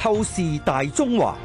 透視大中華。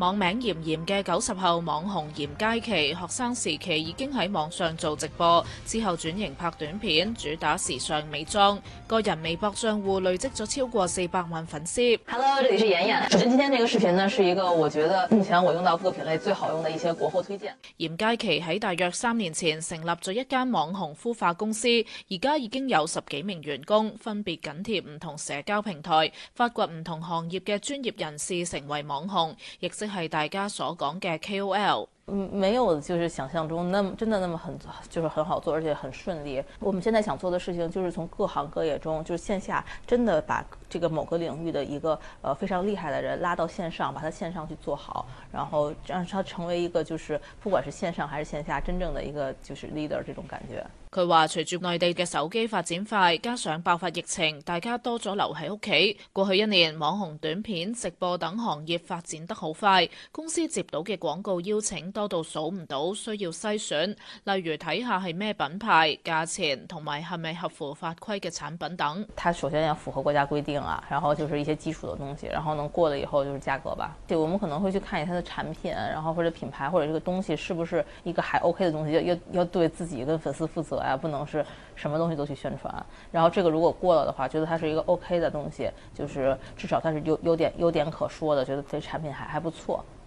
網名閆閆嘅九十後網紅嚴佳琪，學生時期已經喺網上做直播，之後轉型拍短片，主打時尚美妝，個人微博賬戶累積咗超過四百萬粉絲。Hello，這裏是閆閆。首先，今天呢個視頻呢，是一個我覺得目前我用到各品類最好用的一些國貨推薦。嚴佳琪喺大約三年前成立咗一間網紅孵化公司，而家已經有十幾名員工，分別緊貼唔同社交平台，發掘唔同行業嘅專業人士成為網紅，亦係大家所講嘅 KOL。嗯，沒有，就是想象中那麼真的那麼很，就是很好做，而且很順利。我們現在想做的事情就是從各行各業中，就是線下真的把這個某個領域的一個呃非常厲害的人拉到線上，把他線上去做好，然後讓他成為一個就是不管是線上還是線下真正的一個就是 leader 這種感覺。佢話隨住內地嘅手機發展快，加上爆發疫情，大家多咗留喺屋企。過去一年，網紅、短片、直播等行業發展得好快，公司接到嘅廣告邀請。多到數唔到，需要篩選，例如睇下係咩品牌、價錢同埋係咪合乎法規嘅產品等。它首先要符合國家規定啊，然後就是一些基礎的東西，然後能過了以後就是價格吧。對，我們可能會去看一下它的產品，然後或者品牌或者這個東西是不是一個還 OK 的東西，要要要對自己跟粉絲負責啊，不能是什麼東西都去宣傳。然後這個如果過了的話，覺得它是一個 OK 的東西，就是至少它是有優點優點可說的，覺得這產品還還不錯。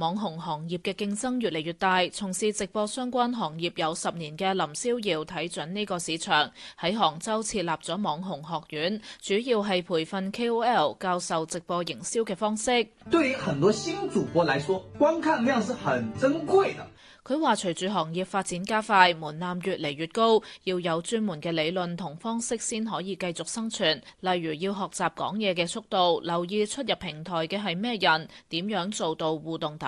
網紅行業嘅競爭越嚟越大，從事直播相關行業有十年嘅林逍遙睇準呢個市場，喺杭州設立咗網紅學院，主要係培訓 KOL 教授直播營銷嘅方式。對於很多新主播來說，觀看量是很珍貴的。佢話隨住行業發展加快，門檻越嚟越高，要有專門嘅理論同方式先可以繼續生存。例如要學習講嘢嘅速度，留意出入平台嘅係咩人，點樣做到互動等。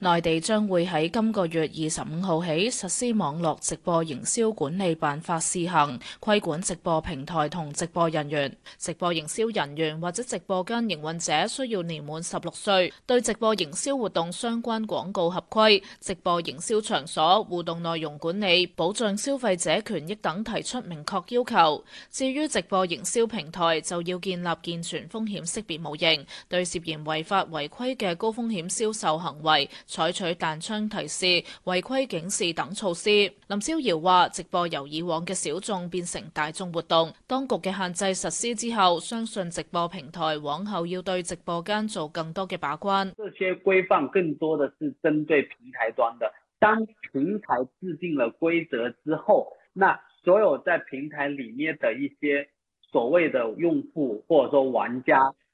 內地將會喺今個月二十五號起實施網絡直播營銷管理辦法試行，規管直播平台同直播人員。直播營銷人員或者直播間營運者需要年滿十六歲，對直播營銷活動相關廣告合規、直播營銷場所互動內容管理、保障消費者權益等提出明確要求。至於直播營銷平台，就要建立健全風險識別模型，對涉嫌違法違規嘅高風險銷售行為，採取彈窗提示、違規警示等措施。林逍遙話：直播由以往嘅小眾變成大眾活動，當局嘅限制實施之後，相信直播平台往後要對直播間做更多嘅把關。這些規範更多的是針對平台端的，當平台制定了規則之後，那所有在平台裏面的一些所謂的用戶，或者說玩家。